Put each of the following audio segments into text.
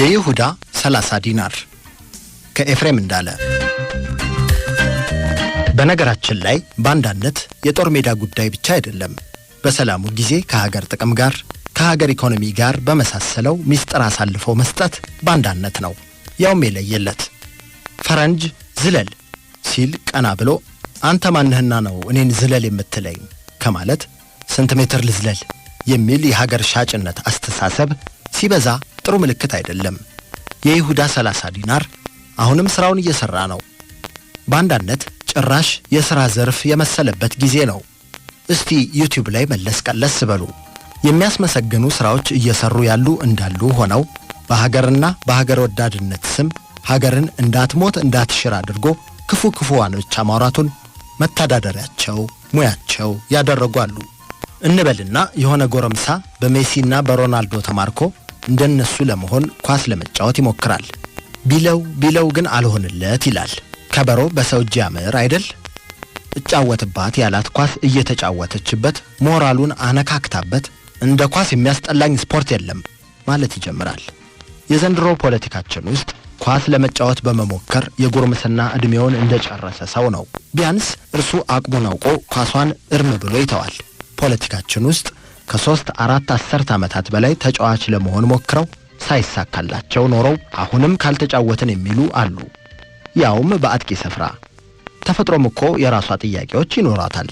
የይሁዳ 30 ዲናር ከኤፍሬም እንዳለ። በነገራችን ላይ በአንዳነት የጦር ሜዳ ጉዳይ ብቻ አይደለም። በሰላሙ ጊዜ ከሀገር ጥቅም ጋር ከሀገር ኢኮኖሚ ጋር በመሳሰለው ሚስጥር አሳልፎ መስጠት በአንዳነት ነው። ያውም የለየለት ፈረንጅ ዝለል ሲል ቀና ብሎ አንተ ማንህና ነው እኔን ዝለል የምትለኝ ከማለት ስንት ሜትር ልዝለል የሚል የሀገር ሻጭነት አስተሳሰብ ሲበዛ ጥሩ ምልክት አይደለም። የይሁዳ 30 ዲናር አሁንም ስራውን እየሰራ ነው። በአንዳነት ጭራሽ የሥራ ዘርፍ የመሰለበት ጊዜ ነው። እስቲ ዩቲዩብ ላይ መለስ ቀለስ በሉ። የሚያስመሰግኑ ሥራዎች እየሰሩ ያሉ እንዳሉ ሆነው በሀገርና በሀገር ወዳድነት ስም ሀገርን እንዳትሞት እንዳትሽር አድርጎ ክፉ ክፉዋን ብቻ ማውራቱን መተዳደሪያቸው ሙያቸው ያደረጓሉ እንበልና የሆነ ጎረምሳ በሜሲና በሮናልዶ ተማርኮ እንደነሱ ለመሆን ኳስ ለመጫወት ይሞክራል። ቢለው ቢለው ግን አልሆንለት ይላል። ከበሮ በሰው እጅ ያምር አይደል? እጫወትባት ያላት ኳስ እየተጫወተችበት ሞራሉን አነካክታበት እንደ ኳስ የሚያስጠላኝ ስፖርት የለም ማለት ይጀምራል። የዘንድሮ ፖለቲካችን ውስጥ ኳስ ለመጫወት በመሞከር የጉርምስና ዕድሜውን እንደጨረሰ ሰው ነው። ቢያንስ እርሱ አቅሙን አውቆ ኳሷን እርም ብሎ ይተዋል። ፖለቲካችን ውስጥ ከሶስት አራት አስርት ዓመታት በላይ ተጫዋች ለመሆን ሞክረው ሳይሳካላቸው ኖረው አሁንም ካልተጫወትን የሚሉ አሉ። ያውም በአጥቂ ስፍራ። ተፈጥሮም እኮ የራሷ ጥያቄዎች ይኖራታል።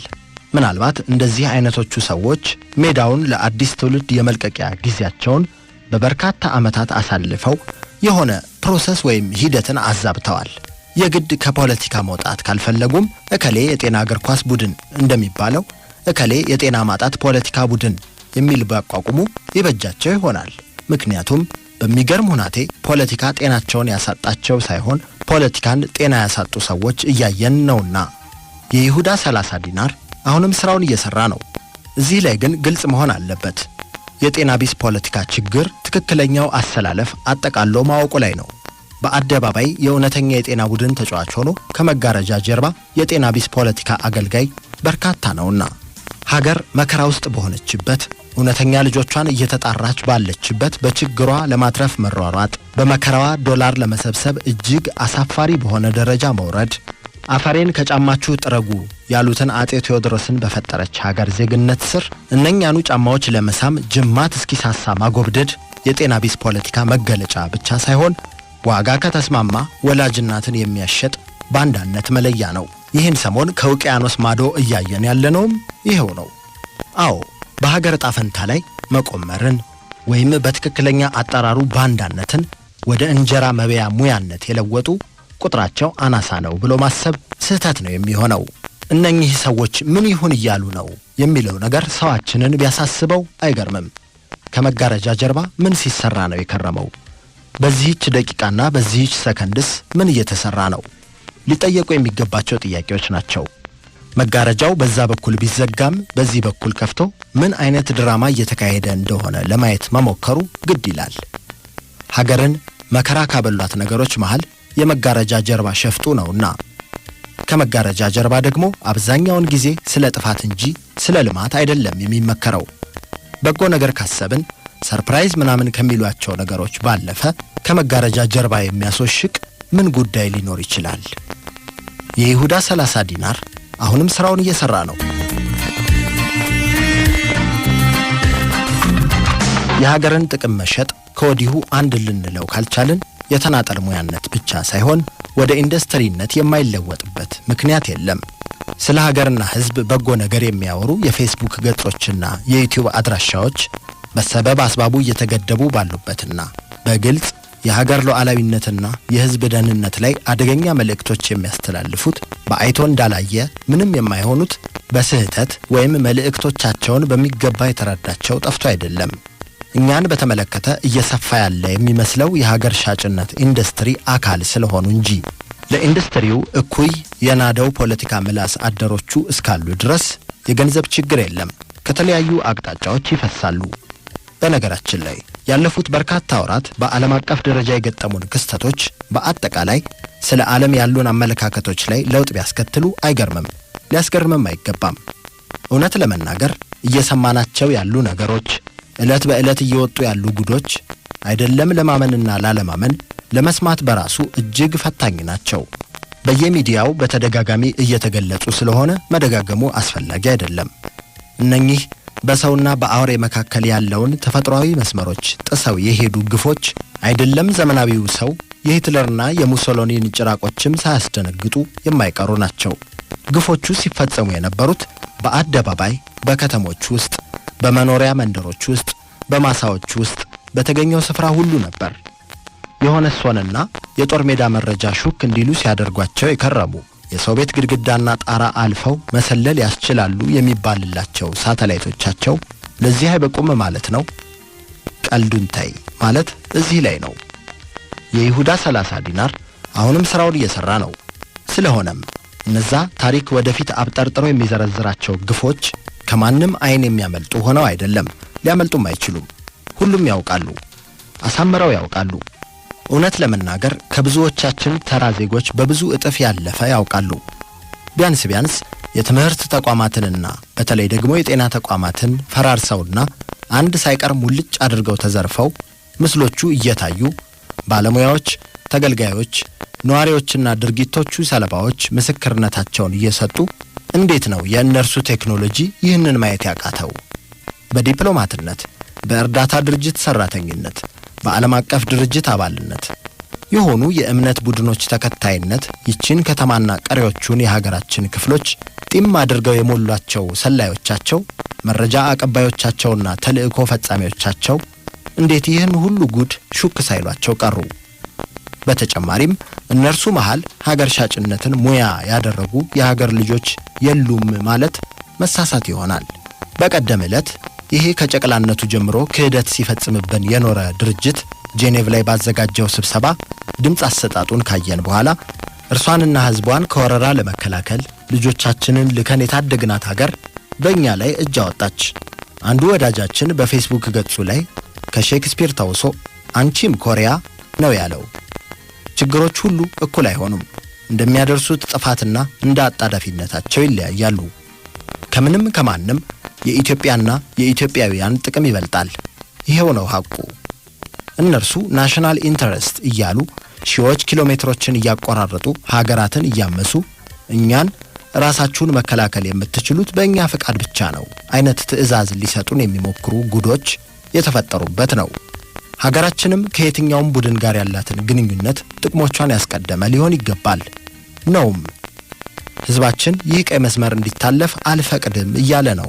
ምናልባት እንደዚህ አይነቶቹ ሰዎች ሜዳውን ለአዲስ ትውልድ የመልቀቂያ ጊዜያቸውን በበርካታ ዓመታት አሳልፈው የሆነ ፕሮሰስ ወይም ሂደትን አዛብተዋል። የግድ ከፖለቲካ መውጣት ካልፈለጉም እከሌ የጤና እግር ኳስ ቡድን እንደሚባለው እከሌ የጤና ማጣት ፖለቲካ ቡድን የሚል ቢያቋቁሙ ይበጃቸው ይሆናል። ምክንያቱም በሚገርም ሁናቴ ፖለቲካ ጤናቸውን ያሳጣቸው ሳይሆን ፖለቲካን ጤና ያሳጡ ሰዎች እያየን ነውና። የይሁዳ 30 ዲናር አሁንም ስራውን እየሰራ ነው። እዚህ ላይ ግን ግልጽ መሆን አለበት። የጤና ቢስ ፖለቲካ ችግር ትክክለኛው አሰላለፍ አጠቃሎ ማወቁ ላይ ነው። በአደባባይ የእውነተኛ የጤና ቡድን ተጫዋች ሆኖ ከመጋረጃ ጀርባ የጤና ቢስ ፖለቲካ አገልጋይ በርካታ ነውና ሀገር መከራ ውስጥ በሆነችበት እውነተኛ ልጆቿን እየተጣራች ባለችበት በችግሯ ለማትረፍ መሯሯጥ፣ በመከራዋ ዶላር ለመሰብሰብ እጅግ አሳፋሪ በሆነ ደረጃ መውረድ፣ አፈሬን ከጫማችሁ ጥረጉ ያሉትን አጼ ቴዎድሮስን በፈጠረች ሀገር ዜግነት ስር እነኛኑ ጫማዎች ለመሳም ጅማት እስኪሳሳ ማጎብደድ የጤና ቢስ ፖለቲካ መገለጫ ብቻ ሳይሆን ዋጋ ከተስማማ ወላጅናትን የሚያሸጥ ባንዳነት መለያ ነው። ይህን ሰሞን ከውቅያኖስ ማዶ እያየን ያለነውም ይኸው ነው። አዎ በሀገር ዕጣ ፈንታ ላይ መቆመርን ወይም በትክክለኛ አጠራሩ ባንዳነትን ወደ እንጀራ መብያ ሙያነት የለወጡ ቁጥራቸው አናሳ ነው ብሎ ማሰብ ስህተት ነው የሚሆነው። እነኚህ ሰዎች ምን ይሁን እያሉ ነው የሚለው ነገር ሰዋችንን ቢያሳስበው አይገርምም። ከመጋረጃ ጀርባ ምን ሲሰራ ነው የከረመው? በዚህች ደቂቃና በዚህች ሰከንድስ ምን እየተሰራ ነው? ሊጠየቁ የሚገባቸው ጥያቄዎች ናቸው። መጋረጃው በዛ በኩል ቢዘጋም በዚህ በኩል ከፍቶ ምን አይነት ድራማ እየተካሄደ እንደሆነ ለማየት መሞከሩ ግድ ይላል። ሀገርን መከራ ካበሏት ነገሮች መሃል የመጋረጃ ጀርባ ሸፍጡ ነውና ከመጋረጃ ጀርባ ደግሞ አብዛኛውን ጊዜ ስለ ጥፋት እንጂ ስለ ልማት አይደለም የሚመከረው። በጎ ነገር ካሰብን ሰርፕራይዝ ምናምን ከሚሏቸው ነገሮች ባለፈ ከመጋረጃ ጀርባ የሚያስወሽቅ ምን ጉዳይ ሊኖር ይችላል? የይሁዳ 30 ዲናር አሁንም ስራውን እየሰራ ነው። የሀገርን ጥቅም መሸጥ ከወዲሁ አንድ ልንለው ካልቻልን የተናጠል ሙያነት ብቻ ሳይሆን ወደ ኢንዱስትሪነት የማይለወጥበት ምክንያት የለም። ስለ ሀገርና ሕዝብ በጎ ነገር የሚያወሩ የፌስቡክ ገጾችና የዩቲዩብ አድራሻዎች በሰበብ አስባቡ እየተገደቡ ባሉበትና በግልጽ የሀገር ሉዓላዊነትና የህዝብ ደህንነት ላይ አደገኛ መልእክቶች የሚያስተላልፉት በአይቶ እንዳላየ ምንም የማይሆኑት በስህተት ወይም መልእክቶቻቸውን በሚገባ የተረዳቸው ጠፍቶ አይደለም። እኛን በተመለከተ እየሰፋ ያለ የሚመስለው የሀገር ሻጭነት ኢንዱስትሪ አካል ስለሆኑ እንጂ ለኢንዱስትሪው እኩይ የናደው ፖለቲካ ምላስ አደሮቹ እስካሉ ድረስ የገንዘብ ችግር የለም፣ ከተለያዩ አቅጣጫዎች ይፈሳሉ። በነገራችን ላይ ያለፉት በርካታ ወራት በዓለም አቀፍ ደረጃ የገጠሙን ክስተቶች በአጠቃላይ ስለ ዓለም ያሉን አመለካከቶች ላይ ለውጥ ቢያስከትሉ አይገርምም፣ ሊያስገርምም አይገባም። እውነት ለመናገር እየሰማናቸው ያሉ ነገሮች፣ ዕለት በዕለት እየወጡ ያሉ ጉዶች አይደለም ለማመንና ላለማመን ለመስማት በራሱ እጅግ ፈታኝ ናቸው። በየሚዲያው በተደጋጋሚ እየተገለጹ ስለሆነ መደጋገሙ አስፈላጊ አይደለም። እነኚህ በሰውና በአውሬ መካከል ያለውን ተፈጥሯዊ መስመሮች ጥሰው የሄዱ ግፎች አይደለም ዘመናዊው ሰው የሂትለርና የሙሶሎኒን ጭራቆችም ሳያስደነግጡ የማይቀሩ ናቸው። ግፎቹ ሲፈጸሙ የነበሩት በአደባባይ፣ በከተሞች ውስጥ፣ በመኖሪያ መንደሮች ውስጥ፣ በማሳዎች ውስጥ፣ በተገኘው ስፍራ ሁሉ ነበር። የሆነ ሶንና የጦር ሜዳ መረጃ ሹክ እንዲሉ ሲያደርጓቸው የከረሙ የሰው ቤት ግድግዳና ጣራ አልፈው መሰለል ያስችላሉ የሚባልላቸው ሳተላይቶቻቸው ለዚህ አይበቁም ማለት ነው። ቀልዱን ማለት እዚህ ላይ ነው። የይሁዳ 30 ዲናር አሁንም ስራውን እየሰራ ነው። ስለሆነም እነዛ ታሪክ ወደፊት አብጠርጥሮ የሚዘረዝራቸው ግፎች ከማንም አይን የሚያመልጡ ሆነው አይደለም። ሊያመልጡም አይችሉም። ሁሉም ያውቃሉ፣ አሳምረው ያውቃሉ። እውነት ለመናገር ከብዙዎቻችን ተራ ዜጎች በብዙ እጥፍ ያለፈ ያውቃሉ። ቢያንስ ቢያንስ የትምህርት ተቋማትንና በተለይ ደግሞ የጤና ተቋማትን ፈራርሰውና አንድ ሳይቀር ሙልጭ አድርገው ተዘርፈው ምስሎቹ እየታዩ ባለሙያዎች፣ ተገልጋዮች፣ ነዋሪዎችና ድርጊቶቹ ሰለባዎች ምስክርነታቸውን እየሰጡ እንዴት ነው የእነርሱ ቴክኖሎጂ ይህንን ማየት ያቃተው? በዲፕሎማትነት፣ በእርዳታ ድርጅት ሰራተኝነት በዓለም አቀፍ ድርጅት አባልነት የሆኑ የእምነት ቡድኖች ተከታይነት ይችን ከተማና ቀሪዎቹን የሀገራችን ክፍሎች ጢም አድርገው የሞሏቸው ሰላዮቻቸው፣ መረጃ አቀባዮቻቸውና ተልዕኮ ፈጻሚዎቻቸው እንዴት ይህን ሁሉ ጉድ ሹክ ሳይሏቸው ቀሩ? በተጨማሪም እነርሱ መሃል ሀገር ሻጭነትን ሙያ ያደረጉ የሀገር ልጆች የሉም ማለት መሳሳት ይሆናል። በቀደም ዕለት ይሄ ከጨቅላነቱ ጀምሮ ክህደት ሲፈጽምብን የኖረ ድርጅት ጄኔቭ ላይ ባዘጋጀው ስብሰባ ድምፅ አሰጣጡን ካየን በኋላ እርሷንና ሕዝቧን ከወረራ ለመከላከል ልጆቻችንን ልከን የታደግናት ሀገር በእኛ ላይ እጅ አወጣች። አንዱ ወዳጃችን በፌስቡክ ገጹ ላይ ከሼክስፒር ተውሶ አንቺም ኮሪያ ነው ያለው። ችግሮች ሁሉ እኩል አይሆኑም። እንደሚያደርሱት ጥፋትና እንደ አጣዳፊነታቸው ይለያያሉ። ከምንም ከማንም የኢትዮጵያና የኢትዮጵያውያን ጥቅም ይበልጣል። ይኸው ነው ሐቁ። እነርሱ ናሽናል ኢንተረስት እያሉ ሺዎች ኪሎ ሜትሮችን እያቆራረጡ ሀገራትን እያመሱ እኛን ራሳችሁን መከላከል የምትችሉት በእኛ ፈቃድ ብቻ ነው አይነት ትዕዛዝ ሊሰጡን የሚሞክሩ ጉዶች የተፈጠሩበት ነው። ሀገራችንም ከየትኛውም ቡድን ጋር ያላትን ግንኙነት ጥቅሞቿን ያስቀደመ ሊሆን ይገባል ነውም። ህዝባችን ይህ ቀይ መስመር እንዲታለፍ አልፈቅድም እያለ ነው።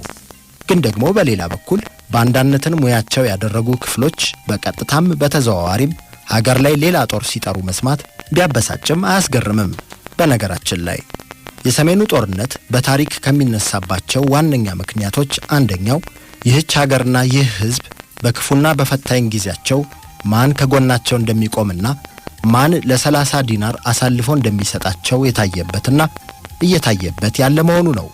ግን ደግሞ በሌላ በኩል ባንዳነትን ሙያቸው ያደረጉ ክፍሎች በቀጥታም በተዘዋዋሪም ሀገር ላይ ሌላ ጦር ሲጠሩ መስማት ቢያበሳጭም አያስገርምም። በነገራችን ላይ የሰሜኑ ጦርነት በታሪክ ከሚነሳባቸው ዋነኛ ምክንያቶች አንደኛው ይህች ሀገርና ይህ ሕዝብ በክፉና በፈታኝ ጊዜያቸው ማን ከጎናቸው እንደሚቆምና ማን ለሰላሳ ዲናር አሳልፎ እንደሚሰጣቸው የታየበትና እየታየበት ያለ መሆኑ ነው።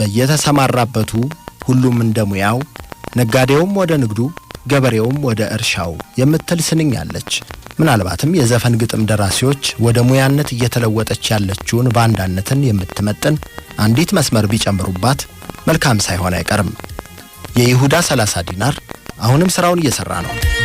በየተሰማራበቱ ሁሉም እንደ ሙያው፣ ነጋዴውም ወደ ንግዱ፣ ገበሬውም ወደ እርሻው የምትል ስንኝ አለች። ምናልባትም የዘፈን ግጥም ደራሲዎች ወደ ሙያነት እየተለወጠች ያለችውን ባንዳነትን የምትመጥን አንዲት መስመር ቢጨምሩባት መልካም ሳይሆን አይቀርም። የይሁዳ 30 ዲናር አሁንም ስራውን እየሰራ ነው።